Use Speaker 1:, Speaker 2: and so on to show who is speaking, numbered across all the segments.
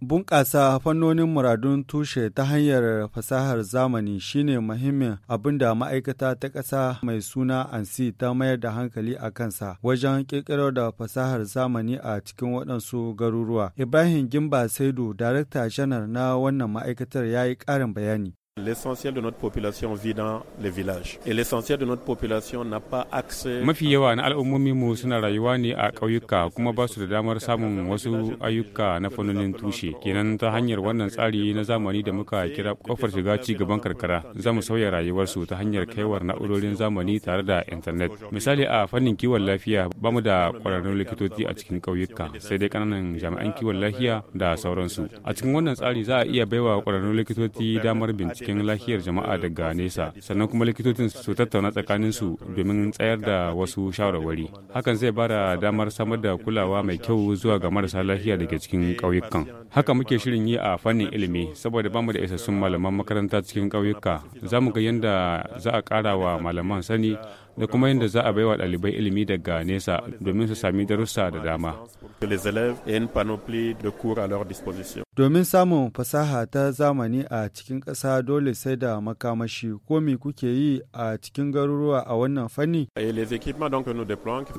Speaker 1: Bunƙasa fannonin muradun tushe ta hanyar fasahar zamani shine muhimmin abin da ma'aikata ta ƙasa mai suna ANSI ta mayar da hankali a kansa wajen ƙirƙirar da fasahar zamani a cikin waɗansu garuruwa. Ibrahim Gimba Saidu, Darakta Janar na wannan ma'aikatar ya yi ƙarin bayani.
Speaker 2: L'essentiel de notre population vit dans les villages et l'essentiel de notre population n'a pas accès Mafi
Speaker 1: yawa na al'ummomin mu
Speaker 3: suna rayuwa ne a ƙauyuka kuma ba su da damar samun wasu ayyuka na fannonin tushe kenan ta hanyar wannan tsari na zamani da muka kira kofar shiga ci gaban karkara za mu sauya rayuwarsu ta hanyar kaiwar na'urorin zamani tare da intanet misali a fannin kiwon lafiya ba mu da ƙwararrun likitoci a cikin ƙauyuka sai dai ƙananan jami'an kiwon lafiya da sauransu a cikin wannan tsari za a iya baiwa ƙwararrun likitoci damar bincike harkokin lafiyar jama'a daga nesa sannan kuma likitocin su tattauna tsakanin su domin tsayar da wasu shawarwari hakan zai ba da damar samar da kulawa mai kyau zuwa ga marasa lafiya da ke cikin ƙauyukan haka muke shirin yi a fannin ilimi saboda bamu da isassun malaman makaranta cikin ƙauyuka za mu ga yadda za a ƙara wa malaman sani da kuma yadda za a baiwa ɗalibai ilimi daga nesa domin su sami darussa da dama.
Speaker 1: Domin samun fasaha ta zamani a cikin ƙasa dole sai da makamashi ko kuke yi a cikin garuruwa a wannan fanni?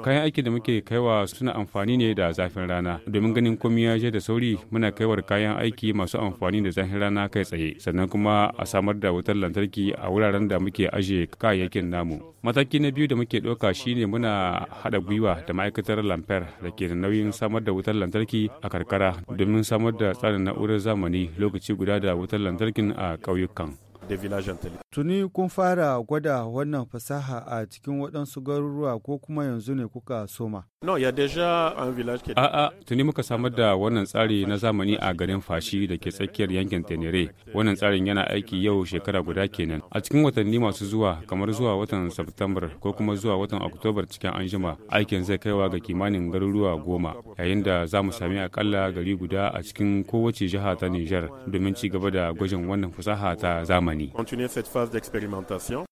Speaker 1: Kayan
Speaker 3: aiki da muke kaiwa suna amfani ne da zafin rana domin ganin komi ya je da sauri muna kaiwar kayan aiki masu amfani da zafin rana kai tsaye sannan kuma a samar da wutar lantarki a wuraren da muke ajiye kayayyakin namu. Mataki na na biyu da muke ɗauka shine muna haɗa gwiwa da ma'aikatar lamfer da ke da nauyin samar da wutar lantarki a karkara domin samar da tsarin na'urar zamani lokaci guda da wutar lantarkin a ƙauyukan.
Speaker 1: Tuni kun fara gwada wannan fasaha a cikin waɗansu garuruwa ko kuma yanzu ne kuka soma?
Speaker 2: No, ya A'a,
Speaker 3: tuni muka samar da wannan tsari na zamani a garin Fashi da ke tsakiyar yankin Tenere. Wannan tsarin yana aiki yau shekara guda kenan. A cikin watanni masu zuwa, kamar zuwa watan September ko kuma zuwa watan Oktobar cikin anjima, aikin zai kaiwa ga kimanin garuruwa goma, yayin da za mu sami akalla gari guda a cikin kowace jiha ta Nijar domin ci gaba da gwajin wannan fasaha ta zamani.
Speaker 2: phase d'expérimentation.